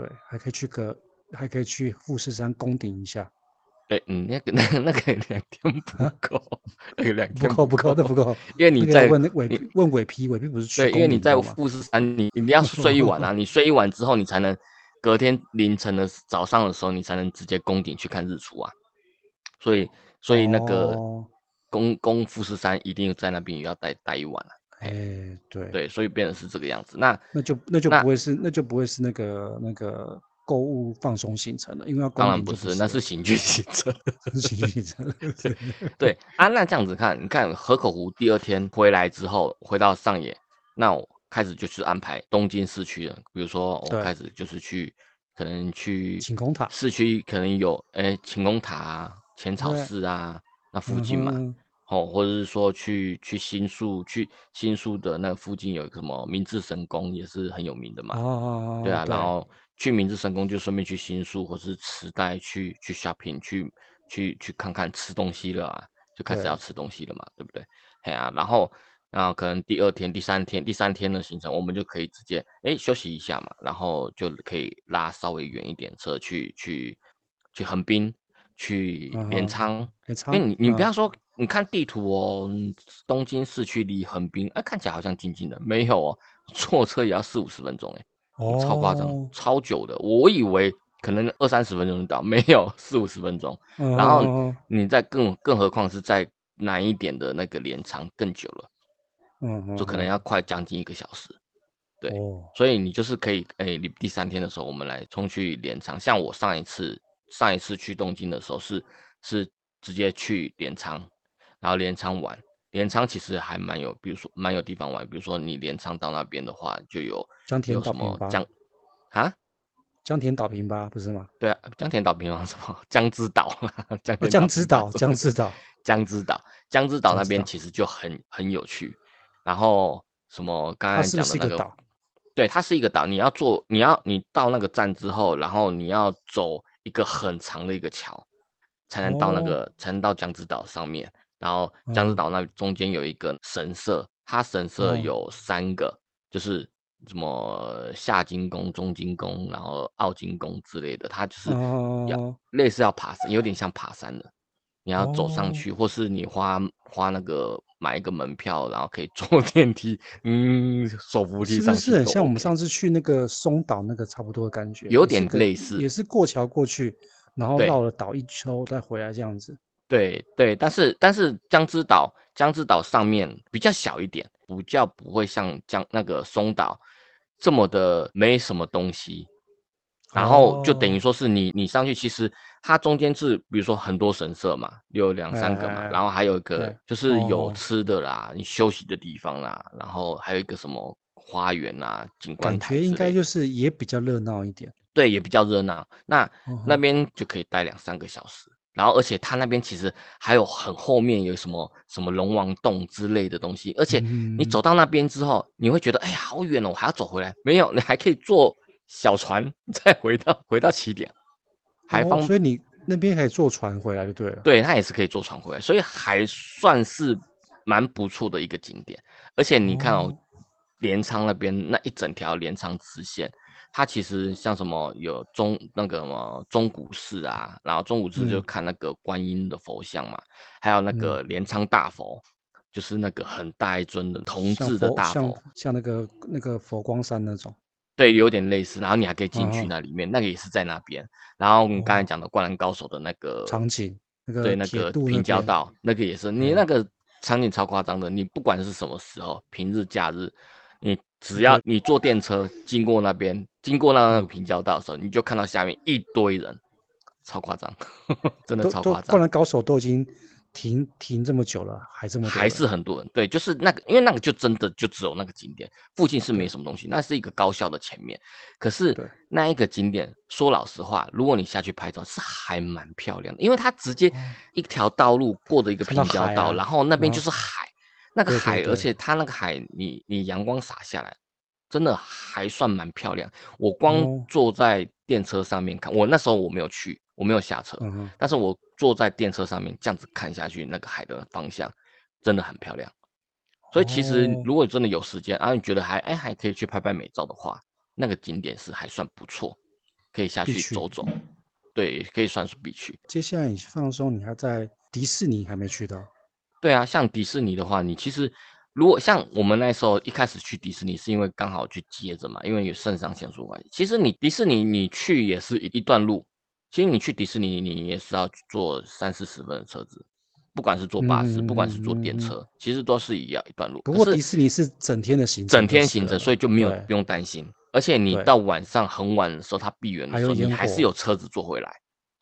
對，還可以去個，還可以去富士山攻頂一下。對、欸，嗯，那個那個那個兩天不夠，那個兩天不夠蛤不夠的不夠。不不因為你在問你尾 P，問尾批尾批不是去，對，因為你在富士山，你你要睡一晚啊， 你睡一晚之後，你才能隔天凌晨的早上的時候，你才能直接攻頂去看日出啊。所以所以那個攻攻、哦、富士山，一定在那邊也要待待一晚啊。哎、欸，對，對，所以變成是這個樣子。那那就那就不會是那，那就不會是那個那個購物放鬆行程了，因為要當然不是，那是行軍行程，行軍行程。對，啊，那這樣子看，你看河口湖第二天回來之後，回到上野，那我開始就是安排東京市區了，比如說我開始就是去對可能去晴空塔，市區可能有哎晴空塔、淺、欸啊、草寺啊，對那附近嘛。嗯哦，或者是說去去新宿，去新宿的那個附近有一個什麼明治神宮，也是很有名的嘛。哦哦哦。對啊，對，然後去明治神宮就順便去新宿，或是池袋去去 shopping，去去去看看吃東西了，對就開始要吃東西了嘛，對不對？對、啊。呀，然後然後可能第二天、第三天、第三天的行程，我們就可以直接誒休息一下嘛，然後就可以拉稍微遠一點車去去去橫濱，去鎌倉。鎌倉、uh。Huh, 因為你、uh. 你不要說。你看地圖哦，東京市區離橫濱哎，看起來好像近近的，沒有哦，坐車也要四五十分鐘哎、欸，超誇張，oh. 超久的。我以為可能二三十分鐘就到，沒有四五十分鐘。Oh. 然後你再更，更何況是在南一點的那個鎌倉，更久了，嗯，oh. 就可能要快將近一個小時。對，oh. 所以你就是可以哎，你、欸、第三天的時候，我們來衝去鎌倉。像我上一次上一次去東京的時候是，是是直接去鎌倉。然後鎌倉玩，鎌倉其實還蠻有，比如說蠻有地方玩，比如說你鎌倉到那邊的話，就有有什麼江啊，江田島平吧不是嗎？對啊，江田島平嗎？什麼江之島？江江之島，江之島，江之島那邊其實就很很有趣。然後什麼？剛剛講的那個，島。對，它是一個島。你要坐，你要你到那個站之後，然後你要走一個很長的一個橋，才能到那個，才能到江之島上面。然後江之島那中間有一個神社，嗯、它神社有三個，嗯、就是什麼下金宮、中金宮，然後奧金宮之類的。它就是要類似要爬山，哦、有點像爬山的，你要走上去，哦、或是你花花那個買一個門票，然後可以坐電梯，嗯，手扶梯上去，OK。是不是很像我們上次去那個松島那個差不多的感覺？有點類似也是，也是過橋過去，然後繞了島一圈對再回來這樣子。對對，但是但是江之島江之島上面比較小一點，比較不會像江那個松島這麼的沒什麼東西，然後就等於說是你你上去，其實它中間是比如說很多神社嘛，有兩三個嘛，哎哎哎然後還有一個就是有吃的啦，對你休息的地方啦，哦、然後還有一個什麼花園啊景觀台的，感覺應該就是也比較熱鬧一點，對，也比較熱鬧。那那邊就可以待兩三個小時。然後，而且它那邊其實還有很後面有什麼什麼龍王洞之類的東西，而且你走到那邊之後，嗯、你會覺得哎呀，好遠哦，我還要走回來。沒有，你還可以坐小船再回到回到起點，還方、哦、所以你那邊還坐船回來就對了。對，它也是可以坐船回來，所以還算是蠻不錯的一個景點。而且你看哦，哦鎌倉那邊那一整條鎌倉直線。它其實像什麼有中那個什麼中古寺啊，然後中古寺就看那個觀音的佛像嘛，嗯、還有那個鎌倉大佛，嗯、就是那個很大一尊的銅製的大佛，像，佛像，像那個那個佛光山那種，對，有點類似。然後你還可以進去那裡面，哦、那個也是在那邊。然後我們剛才講的灌籃高手的那個場、哦、景，那個度對那個平交道，那個也是你那個場景超誇張的，嗯、你不管是什麼時候，平日假日，只要你坐電車經過那邊，對經過那個平交道的時候，你就看到下面一堆人，超誇張，真的超誇張。不然高手都已經停停這麼久了，還這麼多人還是很多人。對，就是那個，因為那個就真的就只有那個景點，附近是沒什麼東西，那是一個高校的前面。可是那一個景點，說老實話，如果你下去拍照是還蠻漂亮的，因為它直接一條道路過的一個平交道，啊、然後那邊就是海。嗯那個海，而且它那個海，你你陽光灑下來，真的還算蠻漂亮。我光坐在電車上面看，我那時候我沒有去，我沒有下車，但是我坐在電車上面這樣子看下去，那個海的方向真的很漂亮。所以其實如果真的有時間，啊，你覺得還，哎，還可以去拍拍美照的話，那個景點是還算不錯，可以下去走走，對，可以算是必去。接下來你放鬆，你還在迪士尼還沒去到。對啊，像迪士尼的話，你其實如果像我們那時候一開始去迪士尼，是因為剛好去接着嘛，因為有腎上腺素關係。其實你迪士尼你去也是一段路，其實你去迪士尼你也是要坐三四十分的車子，不管是坐巴士，嗯、不管是坐電車，嗯、其實都是一樣一段路。不過是迪士尼是整天的行程，整天行程，所以就沒有對不用擔心。而且你到晚上很晚的時候，對它閉園的時候，還你還是有車子坐回來。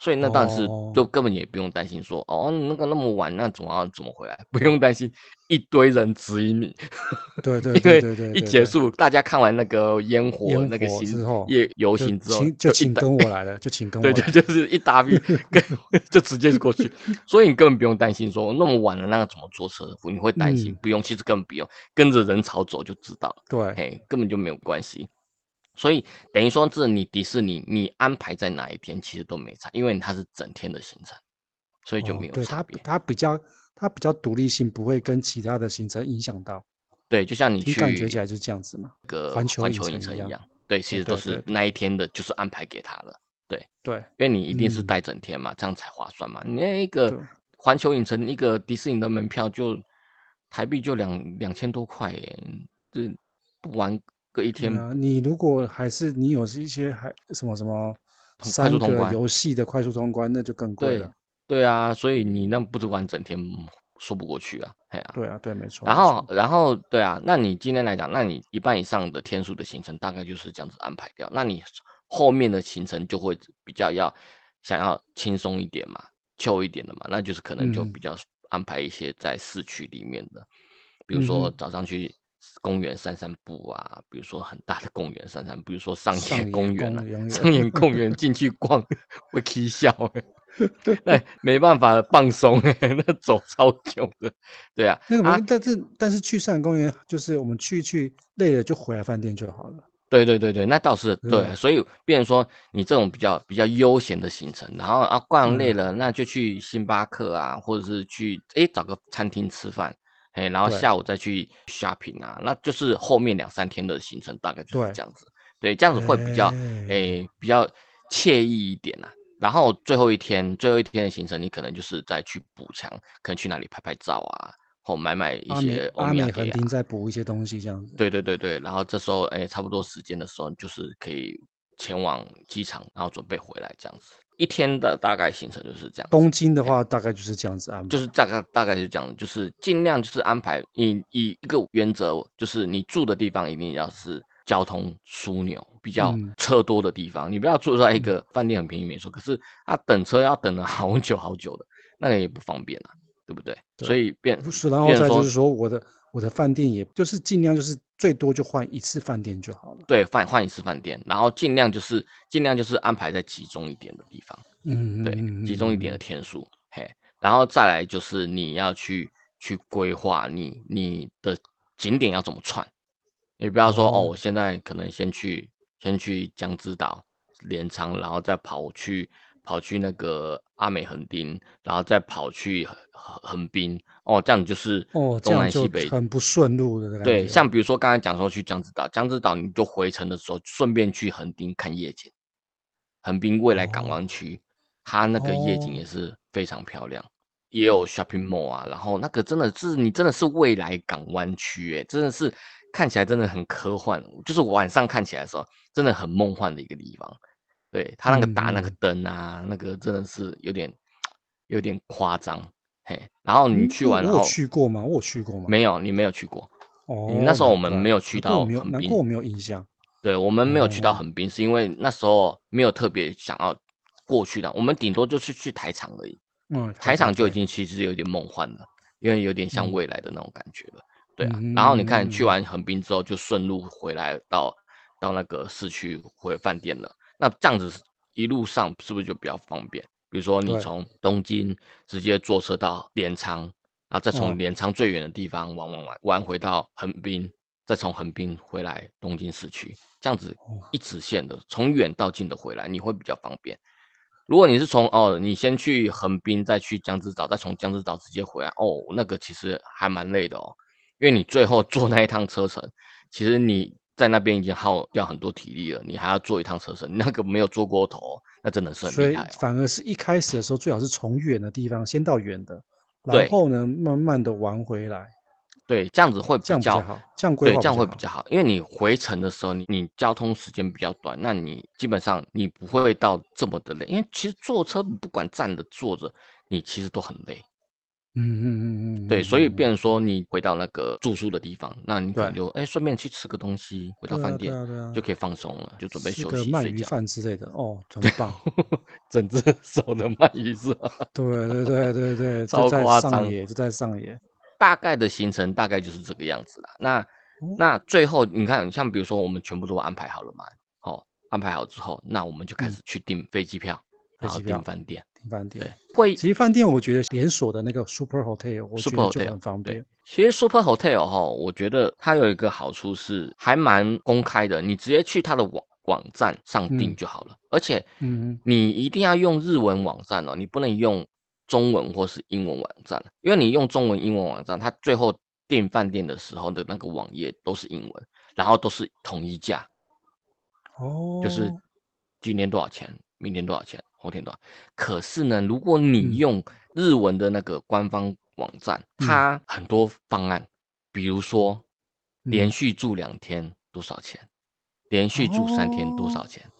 所以那當時就根本也不用擔心說哦，哦那個那麼晚那總要、啊、怎麼回來，不用擔心一堆人指引你， 對對對對，對，對，對，對 一結束大家看完那個煙火那個行夜遊行之後就請，就請跟我來了，就，就請跟我來了， 對對，對就是一搭比，跟 就直接過去，所以你根本不用擔心說那麼晚了那個怎麼坐車，你會擔心、嗯、不用，其實根本不用跟着人潮走就知道對嘿，嘿根本就沒有關係。所以等於說，是你迪士尼，你安排在哪一天，其實都沒差，因為它是整天的行程，所以就沒有差別。它比它比較，它比較獨立性，不會跟其他的行程影響到。對，就像你去感覺起來就是這樣子嘛，一個環球影城一樣。一樣對，其實都是那一天的，就是安排給他了。對對，對對，對對因為你一定是待整天嘛，嗯、這樣才划算嘛。你那一個環球影城一個迪士尼的門票就對台幣就兩兩千多塊耶，這不玩。一天呢，你如果還是你有是一些還什麼什麼三個遊戲的快速通關，那就更貴了。對啊。對啊，所以你那不止管整天，說不過去啊。啊對啊，對，沒錯。然後，沒錯，然後，對啊，那你今天來講，那你一半以上的天數的行程大概就是這樣子安排掉。那你後面的行程就會比較要想要輕鬆一點嘛，休一點的嘛，那就是可能就比較安排一些在市區裡面的，嗯，比如說早上去，嗯。公園散散步啊，比如說很大的公園散散步，比如說上野公園上野公園進去逛 會踢笑哎、欸，對，沒辦法放鬆那、欸、走超久的，對啊，那是啊，但是但是去上野公園就是我們去去累了就回來飯店就好了，對對對對，那倒是對，是嗎所以變成說你這種比較比較悠閒的行程，然後啊逛累了、嗯、那就去星巴克啊，或者是去哎、欸、找個餐廳吃飯。哎、然後下午再去 shopping 啊，對那就是後面兩三天的行程大概就是這樣子，對，對，這樣子會比較，哎，哎，比較愜意一點啊。然後最後一天，最後一天的行程你可能就是再去補強，可能去哪裡拍拍照啊，或買買一些歐米亞再、啊、補一些東西這樣子。對對對對，然後這時候哎，差不多時間的時候就是可以前往機場，然後準備回來這樣子。一天的大概行程就是這樣。東京的話，大概就是這樣子啊，就是大概大概就這樣就是盡量就是安排以以一個原則，就是你住的地方一定要是交通樞紐，比較車多的地方。嗯、你不要住在一個飯店很便宜民宿，嗯。可是啊等車要等了好久好久的，那個也不方便啊，對不對？對，所以變不是，然後再就是說、嗯、我的我的飯店也就是盡量就是。最多就換一次飯店就好了。對，換換一次飯店，然後盡量就是盡量就是安排在集中一點的地方。嗯，對，集中一點的天數。嗯、嘿，然後再來就是你要去去規劃你你的景點要怎麼串，你不要說哦，哦，我現在可能先去先去江之島、鎌倉，然後再跑去。跑去那個阿美橫丁，然後再跑去橫橫濱哦，這樣就是東南西北哦，這樣就很不順路的。對，像比如說剛才講說去江之島，江之島你就回程的時候順便去橫濱看夜景，橫濱未來港灣區，哦、它那個夜景也是非常漂亮，哦、也有 shopping mall 啊，然後那個真的是你真的是未來港灣區、欸，哎，真的是看起來真的很科幻，就是晚上看起來的時候真的很夢幻的一個地方。對，他那個打那個燈啊，那個真的是有點有點誇張，嘿。然後你去完了，我去過嗎？我去過嗎？沒有，你沒有去過。哦。那時候我們沒有去到橫濱，難過我沒有印象。對，我們沒有去到橫濱，是因為那時候沒有特別想要過去的，我們頂多就是去台場而已。嗯。台場就已經其實有點夢幻了，因為有點像未來的那種感覺了。對啊。然後你看，去完橫濱之後，就順路回來到到那個市區回飯店了。那這樣子一路上是不是就比較方便？比如說你從東京直接坐車到鎌倉，對然後再從鎌倉最遠的地方玩玩玩，嗯、玩回到橫濱，再從橫濱回來東京市區，這樣子一直線的從遠到近的回來，你會比較方便。如果你是從哦，你先去橫濱，再去江之島，再從江之島直接回來哦，那個其實還蠻累的哦，因為你最後坐那一趟車程，其實你。在那邊已經耗掉很多體力了，你還要坐一趟車程，那個沒有坐過頭，那真的是很厲害，哦、所以反而是一開始的時候，最好是從遠的地方先到遠的，對然後呢，慢慢的玩回來。對，這樣子會比較比較好。這樣規劃，對這樣會比較好，嗯、因為你回程的時候，你你交通時間比較短，那你基本上你不會到這麼的累，因為其實坐車不管站着坐着，你其實都很累。嗯嗯嗯嗯，對，所以變說你回到那個住宿的地方，那你可能就哎，順便去吃個東西，回到飯店就可以放鬆了，就準備休息。吃個鰻魚飯之類的，哦，很棒，整只手的鰻魚是。對對對對對，顧在上野就在上野。大概的行程大概就是這個樣子了。那那最後你看，像比如說我們全部都安排好了嘛？好，安排好之後，那我們就開始去訂飛機票。然後訂飯店，訂飯店，對，會。其實飯店，我覺得連鎖的那個 Super Hotel，Super Hotel, Super Hotel 就很方便。其實 Super Hotel 哈、哦，我覺得它有一個好處是還蠻公開的，你直接去它的網網站上訂就好了。嗯、而且，嗯，你一定要用日文網站哦，嗯、你不能用中文或是英文網站，因為你用中文、英文網站，它最後訂飯店的時候的那個網頁都是英文，然後都是統一價。哦。就是今天多少錢，明天多少錢。後天的，可是呢，如果你用日文的那個官方網站，嗯、它很多方案，比如說連續住兩天多少錢，嗯、連續住三天多少錢，哦、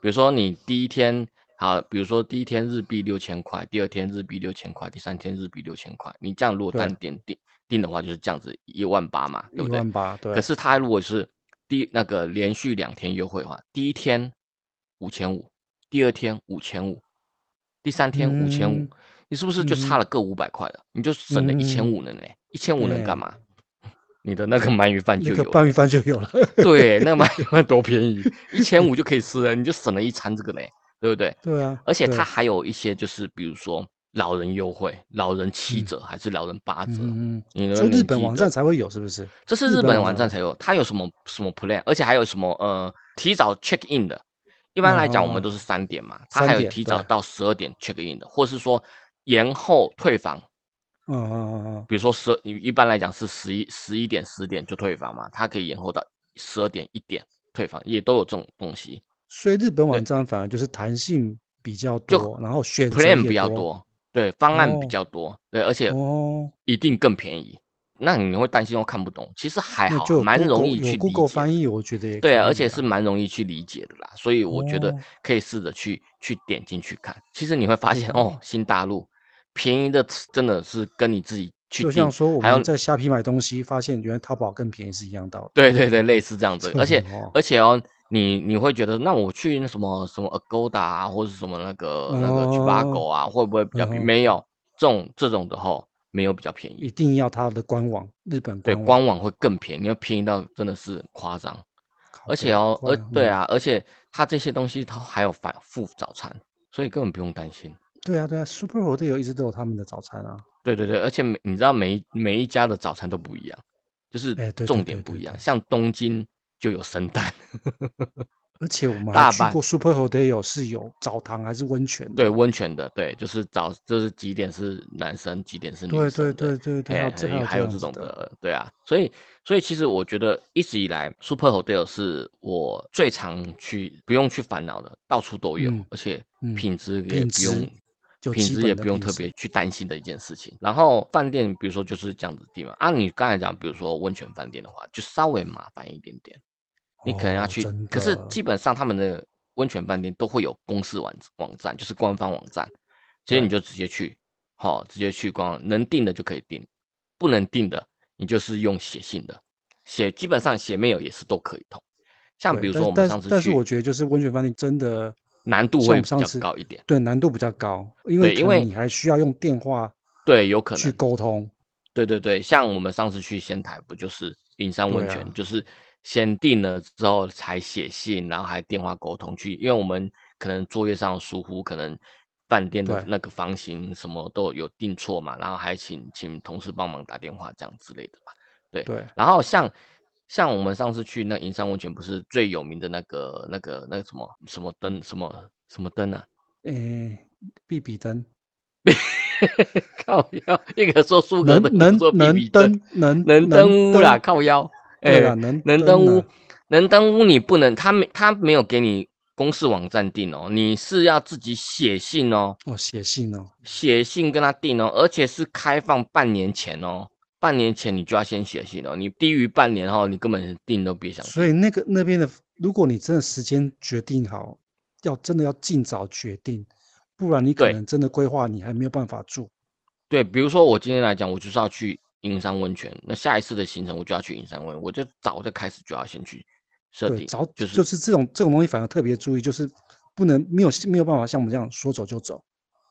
比如說你第一天啊，比如說第一天日幣六千塊，第二天日幣六千塊，第三天日幣六千塊，你這樣如果單點定對定的話，就是這樣子一萬八嘛，對不對？一萬八，對。可是它如果是第那個連續兩天優惠的話，第一天五千五。第二天五千五，第三天五千五，你是不是就差了個五百塊了？你就省了一千五了呢？一千五能幹嘛？你的那個鰻魚飯就有，鰻魚飯就有了。對，那個鰻魚飯多便宜，一千五就可以吃了，你就省了一餐這個呢，對不對？對啊。而且它還有一些就是比如說老人優惠，老人七折還是老人八折？嗯，你說日本網站才會有是不是？這是日本網站才有，它有什麼什麼 plan？而且還有什麼呃，提早 check in 的？一般來講，我們都是三點嘛，他、嗯哦、還有提早到十二點 check in 的，或是說延後退房。嗯嗯嗯嗯，比如說十，你一般來講是十一十一點十點就退房嘛，他可以延後到十二點一點退房，也都有這種東西。所以日本網站反而就是彈性比較多，對就然後選 plan 比較多，對，方案比較多，哦、對，而且一定更便宜。哦那你會擔心，我看不懂，其實還好，蠻容易去理解。Google 翻譯我覺得對，而且是蠻容易去理解的啦，所以我覺得可以試着去去點進去看。其實你會發現哦，新大陸便宜的真的是跟你自己去。就像說我們在蝦皮買東西，發現原來淘寶更便宜是一樣道理。對對對，類似這樣子，而且而且哦，你你會覺得那我去那什麼什麼 Agoda 啊，或者什麼那個那個去巴狗啊，會不會比較便宜？沒有這種這種的哦。沒有比較便宜，一定要他的官網，日本官對官網會更便宜，因為便宜到真的是誇張，啊、而且哦，而對啊，而，啊而且他這些東西它還有附早餐，所以根本不用擔心。對啊對啊，Super Hotel 有一直都有他們的早餐啊。對對對，而且每你知道每每一家的早餐都不一樣，就是重點不一樣，像東京就有生蛋。 而且我們還去過 Super Hotel，大阪，是有澡堂還是溫泉的？的對，溫泉的，對，就是澡就是幾點是男生，幾點是女生？對對對對，對還有這種的，對啊，所以所以其實我覺得一直以來 Super Hotel 是我最常去、不用去煩惱的，到處都有，嗯、而且品質也不用，嗯、品，質品，質品質也不用特別去擔心的一件事情。然後飯店，比如說就是這樣子的地方，按、啊、你剛才講，比如說溫泉飯店的話，就稍微麻煩一點點。你可能要去，可是基本上他們的溫泉飯店都會有公司網網站，就是官方網站，所以你就直接去，好，直接去官網能訂的就可以訂，不能訂的你就是用寫信的，寫基本上寫沒有也是都可以通。像比如說我們上次去，但是我覺得就是溫泉飯店真的難度會比較高一點，對，難度比較高，因為因為你還需要用電話，對，有可能去溝通。對對對，對，像我們上次去仙台不就是銀山溫泉，就是。先定了之後才寫信，然後還電話溝通去，因為我們可能作業上疏忽，可能飯店的那個房型什麼都有訂錯嘛，然後還請請同事幫忙打電話這樣之類的吧。對對。然後像像我們上次去那銀山溫泉，不是最有名的那個那個那個什麼什麼燈什麼什麼燈啊？哎、欸，壁壁燈。 靠腰，一個說舒克的一個說比比燈能能能燈能能燈吼啦，靠腰。哎呀、啊，能登、啊、能登屋，能登屋你不能？他沒他沒有給你公司網站定哦，你是要自己寫信哦，哦寫信哦，寫信跟他定哦，而且是開放半年前哦，半年前你就要先寫信哦，你低於半年哦，你根本定都別想。所以那個那邊的，如果你真的時間決定好，要真的要盡早決定，不然你可能真的規劃你還沒有辦法做。對，對，比如說我今天來講，我就是要去。銀山溫泉，那下一次的行程我就要去銀山溫，我就早就開始就要先去設定，就是、就是這種這種東西反而特別注意，就是不能沒有沒有辦法像我們這樣說走就走，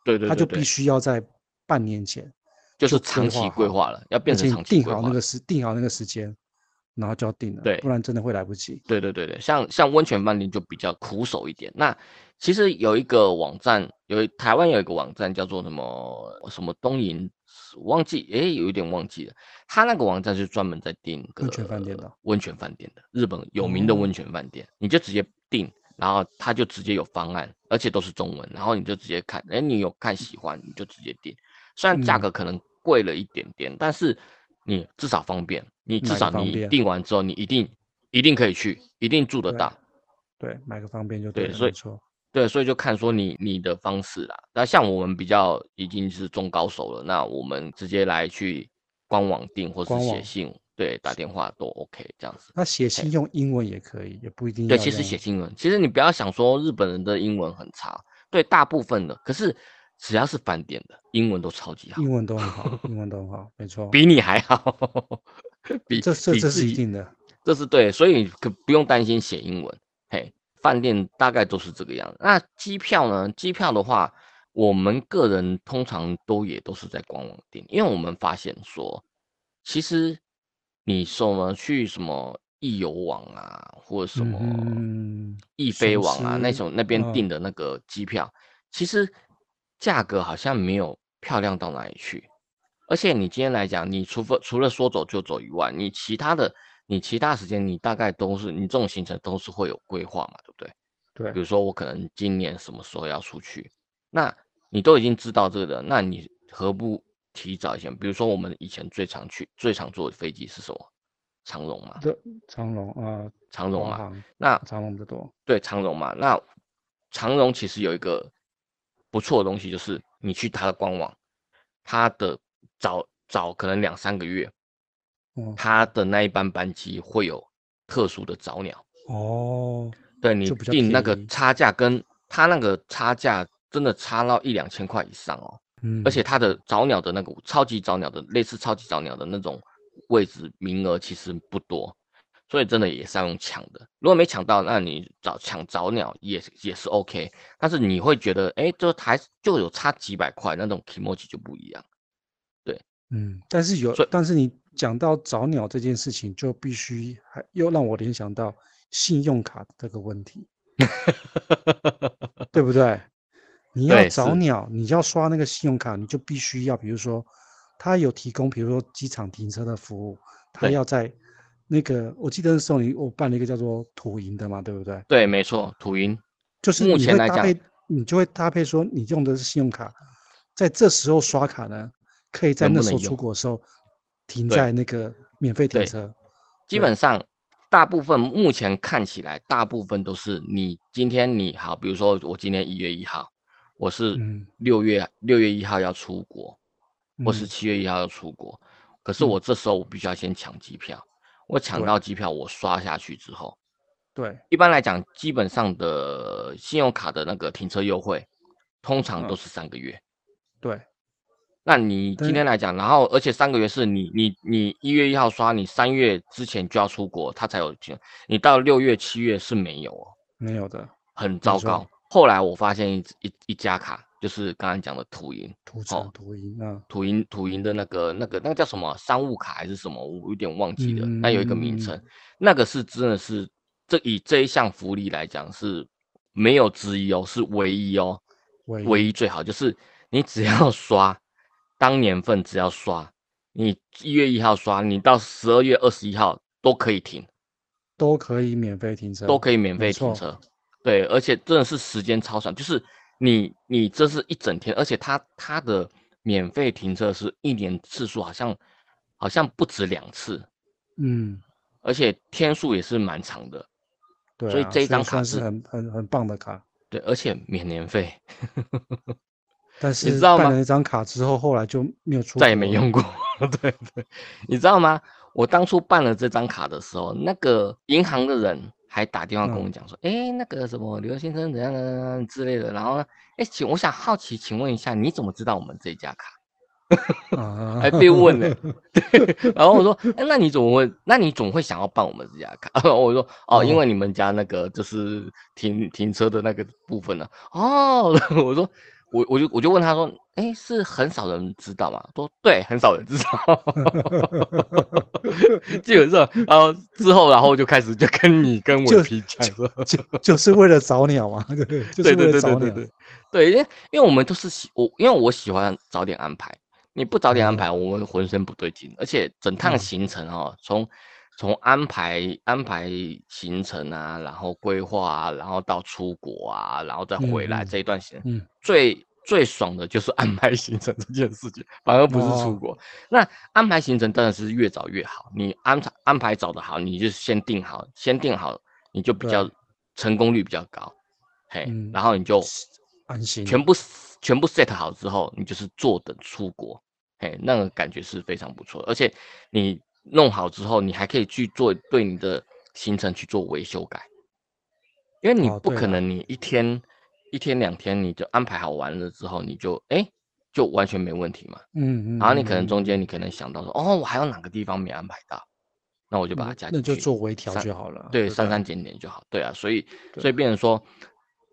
對對，對對，他就必須要在半年前就，就是長期規劃了，要變成長期規劃，定好那個時，定好那個時間，然後就要定了，對，不然真的會來不及。對對對對，像像溫泉飯店就比較苦手一點。那其實有一個網站，有台灣有一個網站叫做什麼什麼東瀛忘記，誒，有一點忘記了。他那個網站是專門在訂個溫泉飯店的，呃、溫泉飯店的，日本有名的溫泉飯店，嗯、你就直接訂，然後他就直接有方案，而且都是中文，然後你就直接看，誒，你有看喜歡你就直接訂。雖然價格可能貴了一點點，嗯、但是你、嗯、至少方便，你至少你訂完之後你一定一定可以去，一定住得到。對，對，買個方便就對了沒錯。對，所以說。對，所以就看說你你的方式啦。那像我們比較已經是中高手了，那我們直接來去官網訂，或是寫信，網對，打電話都 OK 是這樣子。那寫信用英文也可以，嘿也不一定要。對，其實寫英文，其實你不要想說日本人的英文很差。對，大部分的，可是只要是飯店的英文都超級好，英文都很好， 英文都很好，沒錯，比你還好， 比這這，這是一定的，這是對，所以你可不用擔心寫英文，嘿。飯店大概都是這個樣，那機票呢？機票的話，我們個人通常都也都是在官網訂，因為我們發現說，其實你說去什麼易遊網啊，或者什麼易飛網啊、嗯、那種是是那邊訂的那個機票，嗯、其實價格好像沒有漂亮到哪裡去。而且你今天來講，你除非除了說走就走以外，你其他的。你其他時間你大概都是你這種行程都是會有規劃嘛，對不對？對。比如說我可能今年什麼時候要出去，那你都已經知道這個，那你何不提早一些？比如說我們以前最常去、最常坐的飛機是什麼？長榮嘛。對，長榮啊。呃、長榮嘛。那長榮不那多。對，長榮嘛。那長榮其實有一個不錯的東西，就是你去他的官網，他的早早可能兩三個月。他的那一班班機會有特殊的早鳥哦，oh, 對你定那個差價跟他那個差價真的差到一兩千塊以上哦，嗯，而且他的早鳥的那個超級早鳥的類似超級早鳥的那種位置名額其實不多，所以真的也是要用搶的。如果沒搶到，那你找搶早鳥也也是 OK，但是你會覺得哎，這、欸、台就有差幾百塊那種気持ち就不一樣，對，嗯，但是有，所以但是你。講到早鳥這件事情，就必須還又讓我聯想到信用卡這個問題， 對不對？你要早鳥，你要刷那個信用卡，你就必須要，比如說，他有提供，比如說機場停車的服務，他要在那個，對我記得那時候你我辦了一個叫做土銀的嘛，對不對？對，沒錯，土銀就是你會搭配目前來講，你就會搭配說，你用的是信用卡，在這時候刷卡呢，可以在那時候出國的時候。能停在那個免費停車，基本上大部分目前看起來，大部分都是你今天你好，比如說我今天一月一號，我是六月、嗯、六月一號要出國，或是七月一號要出國，嗯、可是我這時候我必須要先搶機票，嗯、我搶到機票我刷下去之後，對，一般來講，基本上的信用卡的那個停車優惠，通常都是三個月，嗯、對。那你今天來講，對然後而且三個月是你你你一月一號刷，你三月之前就要出國，他才有錢。你到六月七月是沒有哦，沒有的，很糟糕。錯後來我發現一一一家卡，就是剛剛講的土銀，土産哦，土銀啊，土銀土銀的那個那個那個叫什麼商務卡還是什麼，我有點忘記了。那、嗯、有一個名稱，嗯、那個是真的是這以這一項福利來講是沒有之一哦，是唯一哦，唯一，唯一最好就是你只要刷，當年份只要刷，你一月一號刷，你到十二月二十一號都可以停，都可以免費停車，都可以免費停車，沒錯，對，而且真的是時間超長，就是你你這是一整天，而且它它的免費停車是一年次數，好像好像不止兩次，嗯，而且天數也是蠻長的，對啊，所以這一張卡是，是很很很棒的卡，對，而且免年費。 但是你知道嗎？辦了那張卡之後，後來就沒有出，再也沒用過。 對對，對，你知道嗎？我當初辦了這張卡的時候，那個銀行的人還打電話跟我講說：“哎那、欸，那個什麼劉先生怎樣的之類的。”然後呢，哎、欸，請我想好奇請問一下，你怎麼知道我們這一家卡？ 還被問了。對，然後我說：“哎、欸，那你怎麼問？那你總會想要辦我們這家卡？” 我說：“哦，因為你們家那個就是停停車的那個部分呢、啊。”哦，我說。我我就我就問他說，哎、欸，是很少人知道嗎？說對，很少人知道， 基本上。然後之後，然後就開始就跟你跟我比就就，就是為了早鳥嘛，對對、就是、對對對對對對，因為因為我們都是喜我因為我喜歡早點安排，你不早點安排，我們渾身不對勁，而且整趟行程哦，從。從安排安排行程啊，然後規劃啊，然後到出國啊，然後再回來這一段時間、嗯嗯、最最爽的就是安排行程這件事情，反而不是出國。哦、那安排行程當然是越早越好，你安排安排早的好，你就先定好，先定好，你就比較成功率比較高，對嘿，然後你就安心，全部全部 set 好之後，你就是坐等出國，嘿，那個感覺是非常不錯的，而且你。弄好之後，你還可以去做對你的行程去做微修改，因為你不可能你一天、哦啊、一天兩天你就安排好完了之後你就哎、欸、就完全沒問題嘛。嗯嗯。然後你可能中間你可能想到說、嗯、哦，我還有哪個地方沒安排到，那我就把它加進去、嗯。那就做微調就好了。對，刪刪減減就好。對啊，對啊，所以對所以變成說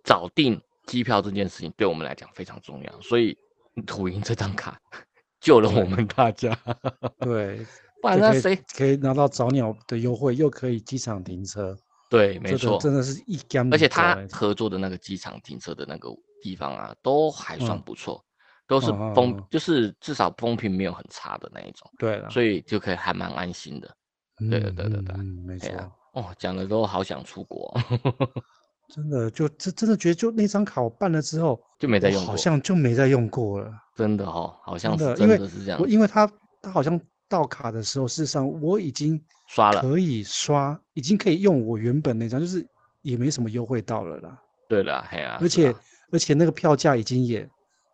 早訂機票這件事情對我們來講非常重要，所以土銀這張卡救了我們大家。嗯、 對。不然那誰可以拿到早鳥的優惠，又可以機場停車？對，沒錯，真的是一干。而且他合作的那個機場停車的那個地方啊，都還算不錯，都是風，就是至少風評沒有很差的那一種。對，所以就可以還蠻安心的。對對對對對，沒錯。哦，講的都好想出國，真的就真真的覺得就那張卡我辦了之後就沒再用，好像就沒再用過了。真的哦，好像真的因為是這樣，因為他他好像。到卡的時候，事實上我已經刷了，可以刷，已經可以用我原本那張，就是也沒什麼優惠到了啦。對了，嘿啊，而且而且那個票價已經也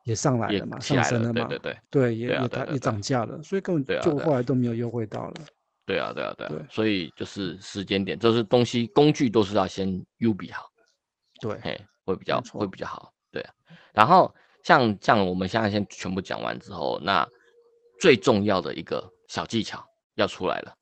也上來了嘛，上升了嘛，對對對，對也也它也漲價了，所以根本就後來都沒有優惠到了。對啊對啊對啊，所以就是時間點，就是東西工具都是要先優比好，對嘿，會比較會比較好，對啊。然後像這樣，我們現在先全部講完之後，那最重要的一個。小技巧要出來了，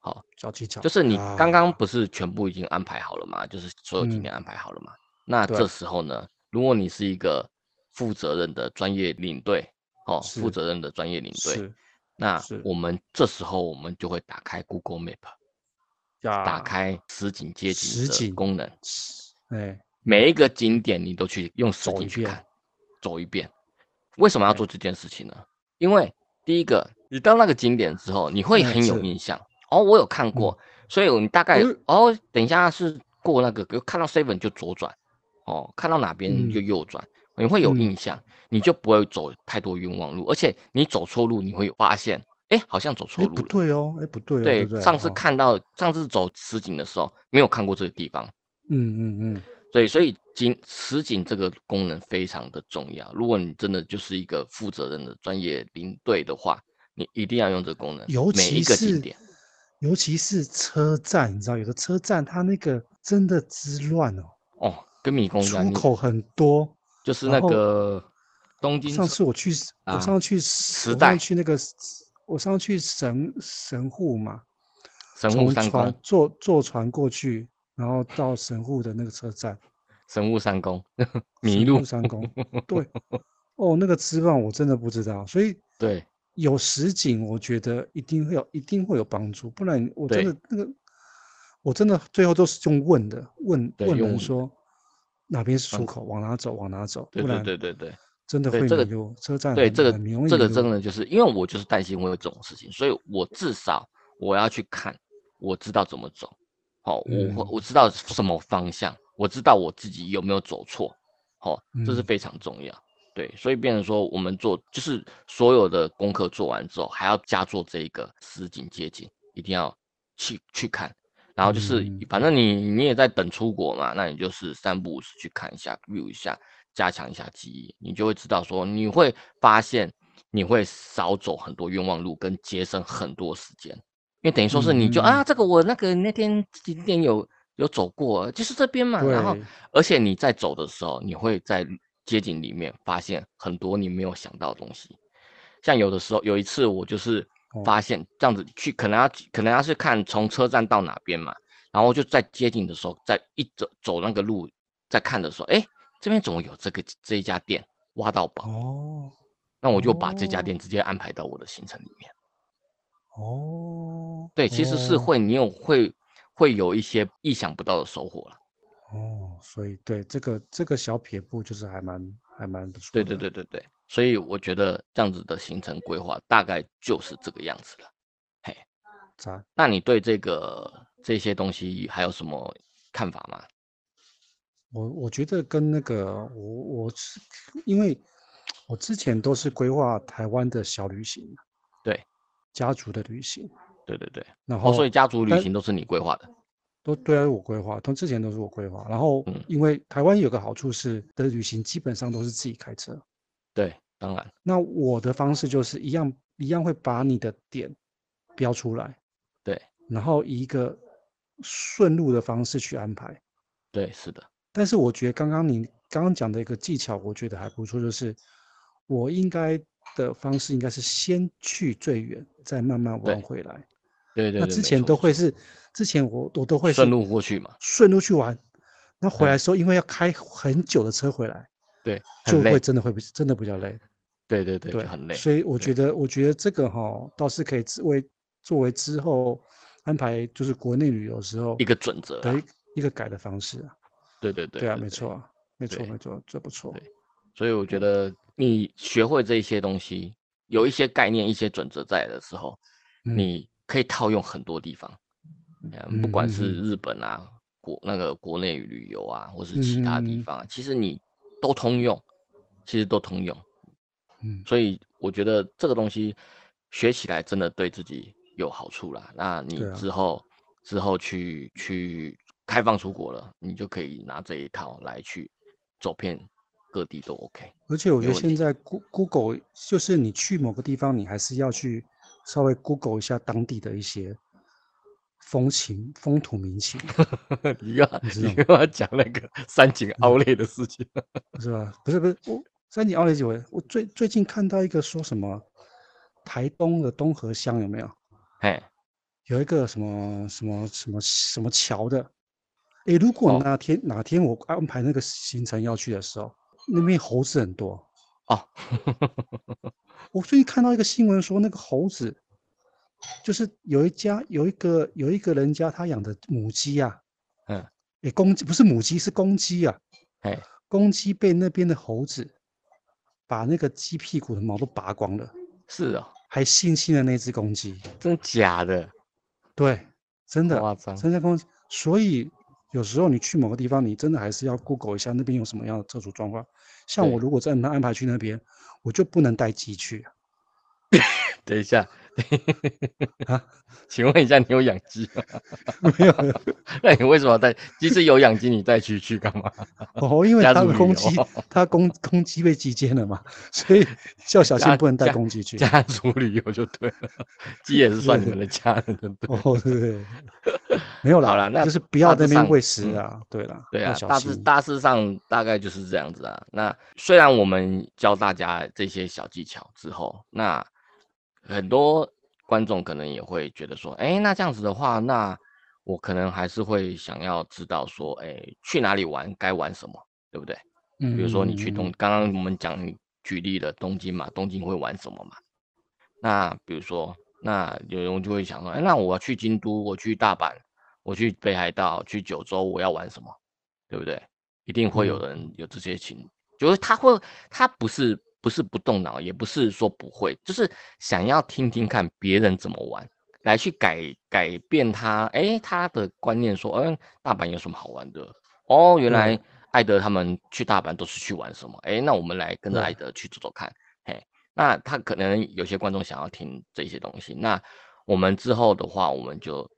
好，小技巧就是你剛剛不是全部已經安排好了嗎？就是所有景點安排好了嗎？那這時候呢，如果你是一個負責任的專業領隊，哦，負責任的專業領隊，那我們這時候我們就會打開 Google Map，打開實景街景功能，哎，每一個景點你都去用實景去看，走一遍。為什麼要做這件事情呢？因為第一個。你到那個景點之後，你會很有印象是哦。我有看過，嗯、所以你大概、嗯、哦，等一下是過那個，看到 seven 就左轉，哦，看到哪邊就右轉，嗯、你會有印象，嗯、你就不會走太多冤枉路。而且你走錯路，你會發現，哎、欸，好像走錯路，欸、不對哦，哎、欸，不對，哦，對，對上次看到，哦、上次走實景的時候，沒有看過這個地方，嗯嗯嗯，對，所以景實景這個功能非常的重要。如果你真的就是一個負責任的專業領隊的話，你一定要用這個功能，尤其是，尤其是車站，你知道，有的車站它那個真的之亂哦。哦，跟迷宮一樣，出口很多。就是那個東京。上次我去，啊、我上去時代袋去那個，我上去神神戶嘛。神戶三宮，坐坐船過去，然後到神戶的那個車站。神戶三宮，迷 路露。三宮，對， 哦，那個支亂我真的不知道，所以。對。有實景，我覺得一定會有，一定會有幫助。不然我真的那個，我真的最後都是用問的，問問人說哪邊是出口，往哪走，往哪走。對對對對對，真的會這個車站。對這個這個真的就是，因為我就是擔心我有這種事情，所以我至少我要去看，我知道怎麼走。好，我我知道什麼方向，我知道我自己有沒有走錯。好，這是非常重要。對，所以變成說，我們做就是所有的功課做完之後，還要加做這一個實景街景，一定要去去看。然後就是，反正你你也在等出國嘛，那你就是三不五時去看一下，view 一下，加強一下記憶，你就會知道說，你會發現你會少走很多冤枉路，跟節省很多時間。因為等於說是你就、嗯、啊，這個我那個那天景點有有走過，就是這邊嘛。對然後而且你在走的時候，你會在。街景裡面發現很多你沒有想到的東西，像有的時候有一次我就是發現這樣子去，可能要可能要去看從車站到哪邊嘛，然後我就在街景的時候，在一走走那個路，在看的時候，哎、欸，這邊怎麼有這個這一家店，挖到寶？哦，那我就把這家店直接安排到我的行程裡面，哦，對，其實是會你有會會有一些意想不到的收穫了，哦。所以對，對，這個這個小撇步就是還蠻還蠻不錯的。對對對對對，所以我覺得這樣子的行程規劃大概就是這個樣子了。嘿，咋在？那你對這個這些東西還有什麼看法嗎？我我覺得跟那個我我是因為我之前都是規劃台灣的小旅行，對，家族的旅行，對對對。然後、哦，所以家族旅行都是你規劃的。都對啊，我規劃，都之前都是我規劃。然後，因為台灣有個好處是，嗯、的旅行基本上都是自己開車。對，當然。那我的方式就是一樣一樣會把你的點標出來。對。然後以一個順路的方式去安排。對，是的。但是我覺得剛剛你剛剛講的一個技巧，我覺得還不錯，就是我應該的方式應該是先去最遠，再慢慢往回來。對對，那之前都會是，之前我我都會順路過去嘛，順路去玩，那回來的時候因為要開很久的車回來，對，就會真的會比，真的比較累，對對對，很累。所以我覺得，我覺得這個哈，倒是可以為作為之後安排，就是國內旅遊時候一個準則，對，一個改的方式。對對對，對啊，沒錯，沒錯，沒錯，這不錯。對，所以我覺得你學會這一些東西，有一些概念、一些準則在的時候，你。可以套用很多地方，嗯、不管是日本啊，嗯、國那個國內旅遊啊，或是其他地方，嗯、其實你都通用，其實都通用。嗯，所以我覺得這個東西學起來真的對自己有好處啦。那你之後、啊、之後去去開放出國了，你就可以拿這一套來去走遍各地都 OK。而且我覺得現在 Google 就是你去某個地方，你還是要去。稍微 Google 一下當地的一些風情、風土民情。 你剛要你剛剛講那個三井奧利的事情，是吧？不是不是，我三井奧利，我我最最近看到一個說什麼，台東的東河鄉有沒有？哎嘿，有一個什麼什麼什麼什麼橋的。誒、欸，如果哪天、哦、哪天我安排那個行程要去的時候，那邊猴子很多。啊，oh. 我最近看到一個新聞，說那個猴子，就是有一家有一個有一個人家，他養的母雞啊，嗯，誒、欸，公雞不是母雞是公雞啊，哎嘿，公雞被那邊的猴子把那個雞屁股的毛都拔光了，是啊、哦，還性侵了那隻公雞，真假的？對，真的，誇張，真的公雞，所以。有時候你去某個地方，你真的還是要 Google 一下那邊有什麼樣的特殊狀況。像我如果再安排去那邊，我就不能帶機去對。 等一下。 請問一下，你有養雞嗎？沒有、啊。 那你為什麼帶？即使有養雞，你帶去去幹嘛？ 哦，因為他的公雞，他公公雞被雞姦了嘛，所以要小心，不能帶公雞去。家族旅遊就對了，雞 也是算你們的家人，對不對，對，對？沒有啦， 啦那就是不要在那邊餵食啊。嗯、對了啦，對啊，大致，大致上大概就是這樣子啊。那雖然我們教大家這些小技巧之後，那。很多觀眾可能也會覺得說，哎、欸，那這樣子的話，那我可能還是會想要知道說，哎、欸，去哪裡玩，該玩什麼，對不對？比如說你去東，剛剛、嗯嗯、我們講舉例的東京嘛，東京會玩什麼嘛？那比如說，那有人就會想說，哎、欸，那我要去京都，我去大阪，我去北海道，去九州，我要玩什麼？對不對？一定會有人有這些情，嗯、就是他會，他不是。不是不動腦，也不是說不會，就是想要聽聽看別人怎麼玩，來去改改變他，哎、欸，他的觀念說，嗯，大阪有什麼好玩的？哦，原來艾德他們去大阪都是去玩什麼？哎、欸，那我們來跟着艾德去走走看，嗯、嘿，那他可能有些觀眾想要聽這些東西，那我們之後的話，我們就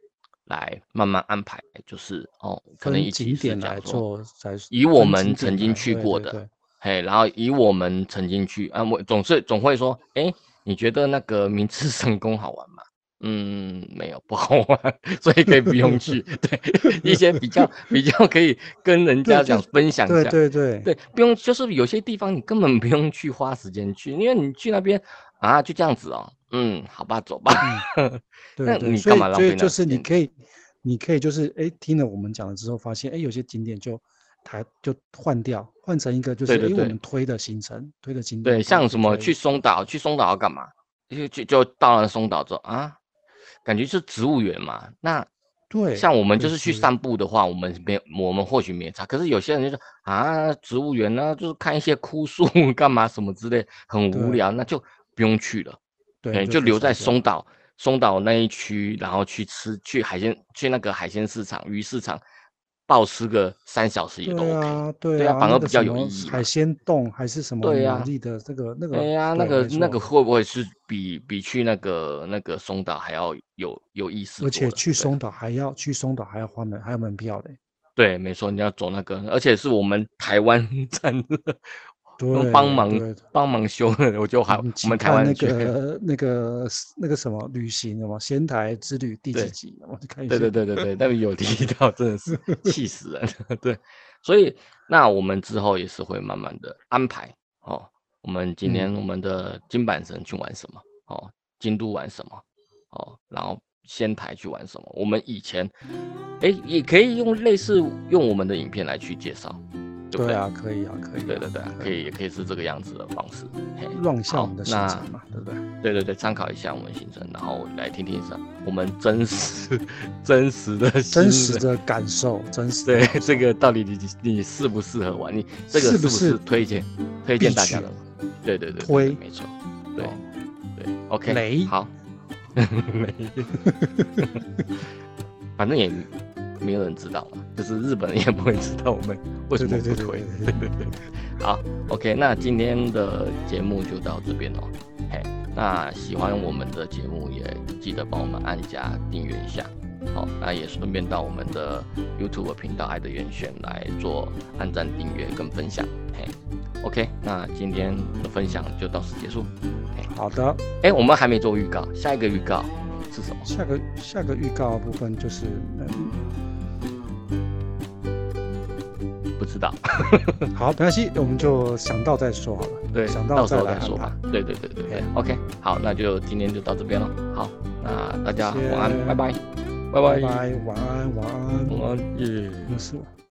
來慢慢安排，就是哦，可能以起點來做，以我們曾經去過的。對對對。嘿，然後以我們沉浸去啊，我總是總會說，哎，你覺得那個明治神宮好玩嗎？嗯，沒有不好玩，所以可以不用去。 對，一些比較比較可以跟人家講 分享一下。對對對，對，不用，就是有些地方你根本不用去花時間去，因為你去那邊啊，就這樣子哦。嗯，好吧，走吧。那、 嗯、你幹嘛浪費那？就，就是你可以，你可以就是哎，聽了我們講了之後，發現哎，有些景點就。它就換掉，換成一個就是，對對對因為我們推的行程，對對對推的行程對，像什麼對去松島，去松島要幹嘛？就就就到了松島之後啊，感覺是植物園嘛。那對，像我們就是去散步的話，對我們沒，我們或許沒差。可是有些人就說啊，植物園呢，就是看一些枯樹幹嘛什麼之類，很無聊，對那就不用去了。對，就留在松島，松島那一區，然後去吃，去海鮮，去那個海鮮市場、魚市場。暴吃個三小時以後啊，對啊，對啊，對啊反而比較有意義。海鮮丼還是什麼、那個？對啊，的這個那個。對那個那個會不會是比比去那個那個松島還要有有意思？而且去松島還要，對還要去松島還要花門還要門票的。對，沒錯，你要走那個，而且是我們台灣站。用對幫忙對對對幫忙修，我就好。去我們看那個那個那個什麼旅行什麼仙台之旅第幾集，我去對看一下。對對對對對，那個有提到，真的是 氣死人。對，所以那我們之後也是會慢慢的安排哦。我們今天我們的京阪神去玩什麼？哦，京都玩什麼？哦，然後仙台去玩什麼？我們以前，哎，也可以用類似用我們的影片來去介紹。對，對，對啊，可以啊，可以。對對對，可以，啊，也可、啊、可、可以是這個樣子的方式，亂、hey, 笑 Run 好的行程那對不對？對對對，參考一下我們行程，然後來聽聽一下我們真實、真實的、真實的感受，對真實的。對，這個到底你你、你適不適合玩？你這個是不是推薦推薦大家的？對對對，對，推沒錯，對對，OK，好， 沒， 反正也。沒有人知道，就是日本人也不會知道。我們對對對對對，為什麼不推。對對對。好，OK，那今天的節目就到這邊嘍。嘿，那喜歡我們的節目也記得幫我們按加訂閱一下。好、哦，那也順便到我們的 YouTube 頻道《愛的原選》來做按讚訂閱跟分享。嘿，OK，那今天的分享就到此結束。嘿好的。誒、欸，我們還沒做預告，下一個預告是什麼？下個下個預告的部分就是嗯。不知道， 好，沒關係，我們就想到再說好了。對，想到再說吧。對對對對對，OK，好，那就今天就到這邊了。好，那大家謝謝晚安，拜拜，拜拜，晚安晚安，晚安，沒事安。